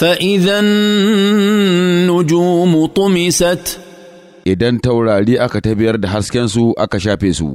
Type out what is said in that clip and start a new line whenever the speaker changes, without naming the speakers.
فإذا النجوم طمست إذا تورالي أكتبير دهسكنسو أكشابيسو